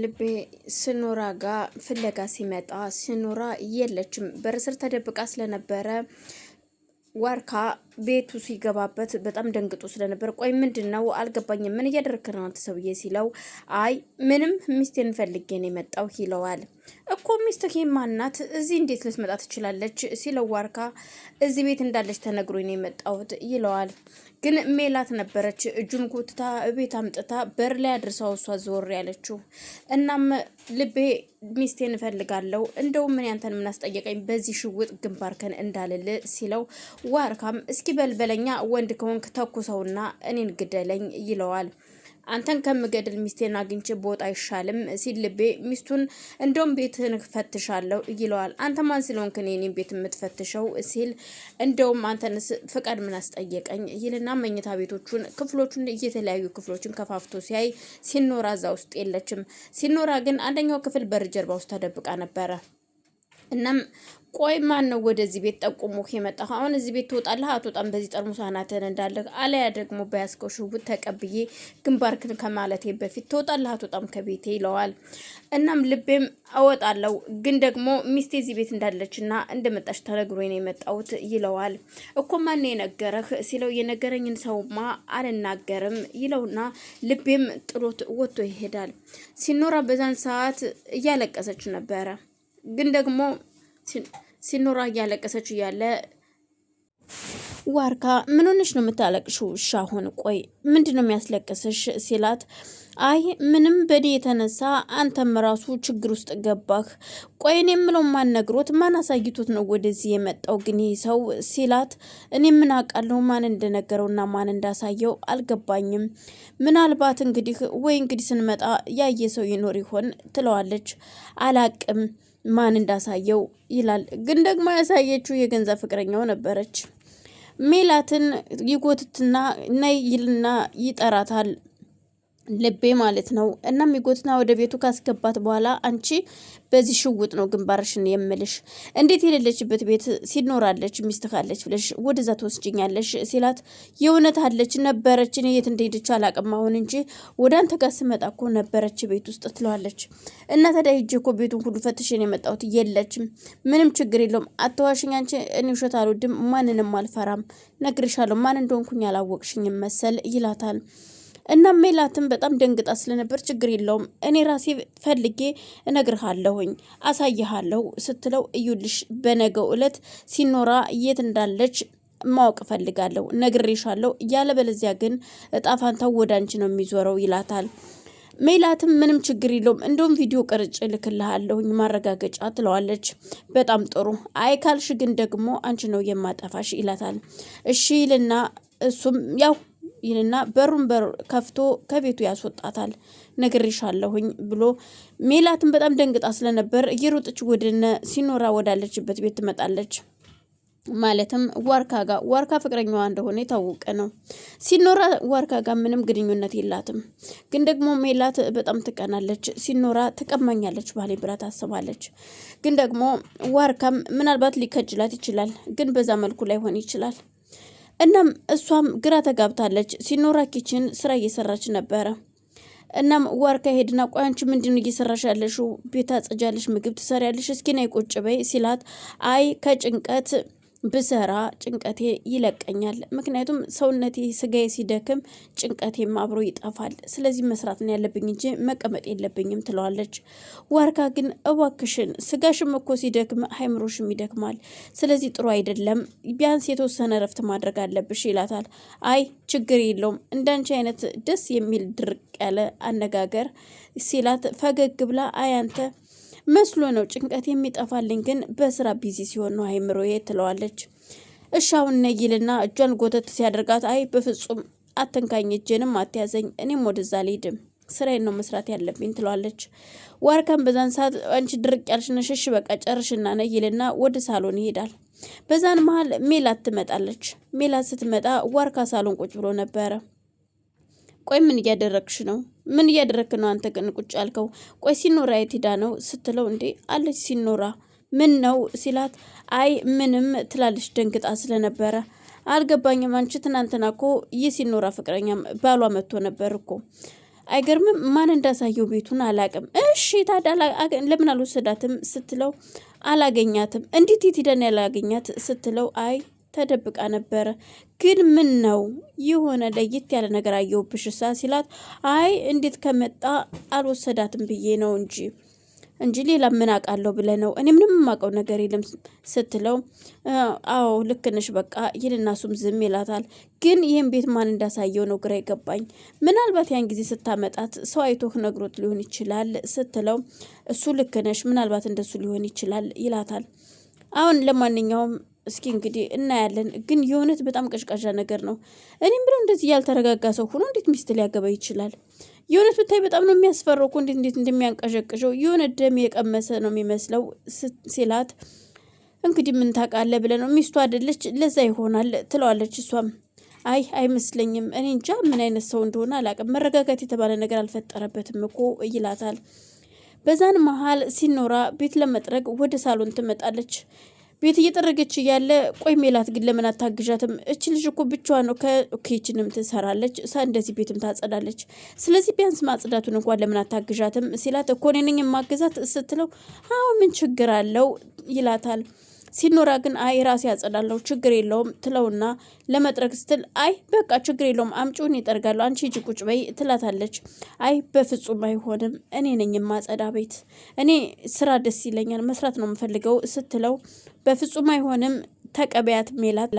ልቤ ስኖራ ጋር ፍለጋ ሲመጣ ስኖራ የለችም። በርስር ተደብቃ ስለነበረ ዋርካ ቤቱ ሲገባበት በጣም ደንግጦ ስለነበር ቆይ ምንድን ነው አልገባኝም፣ ምን እያደረክ ነው አንተ ሰውዬ ሲለው አይ ምንም ሚስቴን ፈልጌ ነው የመጣው ይለዋል። እኮ ሚስትህ ማናት? እዚህ እንዴት ልትመጣ ትችላለች? ሲለው ዋርካ እዚህ ቤት እንዳለች ተነግሮኝ ነው የመጣሁት ይለዋል። ግን ሜላት ነበረች እጁን ጎትታ ቤት አምጥታ በር ላይ አድርሰው እሷ ዞር ያለችው። እናም ልቤ ሚስቴን እፈልጋለሁ እንደውም ምን ያንተን ምናስጠየቀኝ በዚህ ሽውጥ ግንባርከን እንዳልል ሲለው ዋርካም እስኪ በልበለኛ ወንድ ከሆንክ ተኩሰውና እኔን ግደለኝ ይለዋል። አንተን ከምገድል ሚስቴን አግኝቼ ቦጥ አይሻልም ሲል ልቤ ሚስቱን እንደውም ቤትህን ፈትሻለሁ ይለዋል። አንተ ማን ስለሆንክ እኔን ቤት የምትፈትሸው ሲል እንደውም አንተንስ ፍቃድ ምን አስጠየቀኝ ይልና መኝታ ቤቶቹን፣ ክፍሎቹን የተለያዩ ክፍሎችን ከፋፍቶ ሲያይ ሲኖራ እዛ ውስጥ የለችም። ሲኖራ ግን አንደኛው ክፍል በር ጀርባ ውስጥ ተደብቃ ነበረ። እናም ቆይ ማን ነው ወደዚህ ቤት ጠቁሞ የመጣሁ? አሁን እዚህ ቤት ትወጣለህ አትወጣም? በዚህ ጠርሙስ አናትህን እንዳለህ አለያ ደግሞ በያዝከው ሽጉጥ ተቀብዬ ግንባርክን ከማለቴ በፊት ትወጣለህ አትወጣም ከቤቴ ይለዋል። እናም ልቤም እወጣለሁ፣ ግን ደግሞ ሚስቴ እዚህ ቤት እንዳለችና እንደመጣች ተነግሮ ነው የመጣሁት ይለዋል። እኮ ማን የነገረህ ሲለው የነገረኝን ሰውማ አልናገርም ይለውና ልቤም ጥሎት ወጥቶ ይሄዳል። ሲኖራ በዛን ሰዓት እያለቀሰች ነበረ ግን ደግሞ ሲኖራ እያለቀሰች እያለ ዋርካ ምን ሆነሽ ነው የምታለቅሽው? እሺ አሁን ቆይ ምንድን ነው የሚያስለቅስሽ? ሲላት አይ ምንም በእኔ የተነሳ አንተም ራሱ ችግር ውስጥ ገባህ። ቆይ እኔ የምለው ማን ነግሮት ማን አሳይቶት ነው ወደዚህ የመጣው ግን ይህ ሰው ሲላት እኔ ምን አውቃለሁ ማን እንደነገረውና ማን እንዳሳየው አልገባኝም። ምናልባት እንግዲህ ወይ እንግዲህ ስንመጣ ያየ ሰው ይኖር ይሆን ትለዋለች። አላቅም ማን እንዳሳየው ይላል። ግን ደግሞ ያሳየችው የገንዘብ ፍቅረኛው ነበረች። ሜላትን ይጎትትና ነይልና ይጠራታል። ልቤ ማለት ነው። እናም ሚጎትና ወደ ቤቱ ካስገባት በኋላ አንቺ በዚህ ሽውጥ ነው ግንባርሽን የምልሽ፣ እንዴት የሌለችበት ቤት ሲኖራለች ሚስት ካለች ብለሽ ወደዛ ትወስጅኛለሽ ሲላት የእውነት አለች ነበረች፣ እኔ የት እንደሄደች አላቅም፣ አሁን እንጂ ወደ አንተ ጋር ስመጣ እኮ ነበረች ቤት ውስጥ ትለዋለች። እና ታዲያ ሂጅ እኮ ቤቱን ሁሉ ፈትሽን የመጣሁት የለችም፣ ምንም ችግር የለውም፣ አተዋሽኝ አንቺ። እኔ ውሸት አልወድም፣ ማንንም አልፈራም፣ ነግርሻለሁ፣ ማን እንደሆንኩኝ አላወቅሽኝም መሰል ይላታል። እና ሜላትን በጣም ደንግጣ ስለነበር ችግር የለውም እኔ ራሴ ፈልጌ እነግርሃለሁኝ አሳይሃለሁ ስትለው እዩልሽ በነገው እለት ሲኖራ የት እንዳለች ማወቅ እፈልጋለሁ፣ ነግሬሻለሁ። ያለበለዚያ ግን ጣፋንታው ወደ አንቺ ነው የሚዞረው ይላታል። ሜላትም ምንም ችግር የለውም እንደውም ቪዲዮ ቅርጭ ልክልሃለሁኝ ማረጋገጫ ትለዋለች። በጣም ጥሩ አይ ካልሽ ግን ደግሞ አንቺ ነው የማጠፋሽ ይላታል። እሺ ይልና እሱም ያው ይህንና በሩን በር ከፍቶ ከቤቱ ያስወጣታል። ነግሬሻለሁኝ ብሎ ሜላትን በጣም ደንግጣ ስለነበር እየሮጠች ወደነ ሲኖራ ወዳለችበት ቤት ትመጣለች። ማለትም ዋርካ ጋር ዋርካ ፍቅረኛዋ እንደሆነ የታወቀ ነው። ሲኖራ ዋርካ ጋር ምንም ግንኙነት የላትም። ግን ደግሞ ሜላት በጣም ትቀናለች። ሲኖራ ትቀማኛለች ባሌ ብላ ታስባለች። ግን ደግሞ ዋርካም ምናልባት ሊከጅላት ይችላል። ግን በዛ መልኩ ላይሆን ይችላል። እናም እሷም ግራ ተጋብታለች። ሲኖራ ኪችን ስራ እየሰራች ነበረ። እናም ዋርካ ሄድና ቆይ አንቺ ምንድን እየሰራሽ ያለሽው? ቤት አጽጃለሽ፣ ምግብ ትሰሪያለሽ፣ እስኪ ነይ ቁጭ በይ ሲላት አይ ከጭንቀት ብሰራ ጭንቀቴ ይለቀኛል። ምክንያቱም ሰውነቴ ስጋዬ ሲደክም ጭንቀቴም አብሮ ይጠፋል። ስለዚህ መስራት ነው ያለብኝ እንጂ መቀመጥ የለብኝም ትለዋለች። ዋርካ ግን እባክሽን ስጋሽም እኮ ሲደክም ሀይምሮሽም ይደክማል። ስለዚህ ጥሩ አይደለም፣ ቢያንስ የተወሰነ እረፍት ማድረግ አለብሽ ይላታል። አይ ችግር የለውም እንዳንቺ አይነት ደስ የሚል ድርቅ ያለ አነጋገር ሲላት ፈገግ ብላ አያንተ። መስሎ ነው ጭንቀት የሚጠፋልኝ ግን በስራ ቢዚ ሲሆን ነው አይምሮዬ ትለዋለች። እሻውን ነይልና እጇን ጎተት ሲያደርጋት አይ በፍጹም አተንካኝ፣ እጄንም አትያዘኝ፣ እኔም ወደዛ ልሂድም ስራዬን ነው መስራት ያለብኝ ትለዋለች። ዋርካን በዛን ሰዓት አንቺ ድርቅ ያልሽነሽ ሸሽ በቃ ጨርሽና ነይልና ወደ ሳሎን ይሄዳል። በዛን መሀል ሜላት ትመጣለች። ሜላት ስትመጣ ዋርካ ሳሎን ቁጭ ብሎ ነበረ። ቆይ ምን እያደረግሽ ነው? ምን እያደረግክ ነው አንተ ግን ቁጭ ያልከው? ቆይ ሲኖራ የት ሄዳ ነው ስትለው፣ እንዴ አለች ሲኖራ ምን ነው ሲላት፣ አይ ምንም ትላለች ደንግጣ ስለነበረ አልገባኝም። አንቺ ትናንትና እኮ ይህ ሲኖራ ፍቅረኛም ባሏ መጥቶ ነበር እኮ አይገርምም? ማን እንዳሳየው ቤቱን አላቅም። እሺ ታዲያ ለምን አልወሰዳትም ስትለው፣ አላገኛትም። እንዴት የት ያላገኛት ስትለው፣ አይ ተደብቃ ነበር። ግን ምን ነው የሆነ ለየት ያለ ነገር አየሁብሽ ሳ ሲላት፣ አይ እንዴት ከመጣ አልወሰዳትም ብዬ ነው እንጂ እንጂ ሌላ ምን አውቃለሁ ብለህ ነው? እኔ ምንም የማውቀው ነገር የለም ስትለው፣ አዎ ልክ ነሽ በቃ ይልና እሱም ዝም ይላታል። ግን ይህን ቤት ማን እንዳሳየው ነው ግራ ይገባኝ ምናልባት ያን ጊዜ ስታመጣት ሰው አይቶህ ነግሮት ሊሆን ይችላል ስትለው፣ እሱ ልክ ነሽ፣ ምናልባት እንደሱ ሊሆን ይችላል ይላታል። አሁን ለማንኛውም እስኪ እንግዲህ እናያለን። ግን የእውነት በጣም ቀዥቃዣ ነገር ነው። እኔም ብለው እንደዚህ ያልተረጋጋ ሰው ሆኖ እንዴት ሚስት ሊያገባ ይችላል? የእውነት ብታይ በጣም ነው የሚያስፈራው እንዴት እንዴት እንደሚያንቀዠቅዠው የሆነ ደም የቀመሰ ነው የሚመስለው ሲላት እንግዲህ ምን ታውቃለህ ብለህ ነው ሚስቱ አይደለች ለዛ ይሆናል ትለዋለች። እሷም አይ አይመስለኝም፣ እኔ እንጃ ምን አይነት ሰው እንደሆነ አላውቅም፣ መረጋጋት የተባለ ነገር አልፈጠረበትም እኮ ይላታል። በዛን መሀል ሲኖራ ቤት ለመጥረግ ወደ ሳሎን ትመጣለች። ቤት እየጠረገች እያለ ቆይ ሜላት ግን ለምን አታግዣትም? እች ልጅ እኮ ብቻዋ ነው ከኬችንም ትሰራለች፣ እሳ እንደዚህ ቤትም ታጸዳለች። ስለዚህ ቢያንስ ማጽዳቱን እንኳን ለምን አታግዣትም ሲላት እኮ እኔ ነኝ የማግዛት ስትለው አዎ ምን ችግር አለው ይላታል። ሲኖራ ግን አይ ራሴ ያጸዳለሁ ችግር የለውም ትለውና ለመጥረግ ስትል አይ በቃ ችግር የለውም አምጪውን ይጠርጋለሁ አንቺ ሂጂ ቁጭ በይ ትላታለች። አይ በፍጹም አይሆንም እኔ ነኝ የማጸዳ ቤት እኔ ስራ ደስ ይለኛል መስራት ነው የምፈልገው ስትለው በፍጹም አይሆንም ተቀበያት ሜላት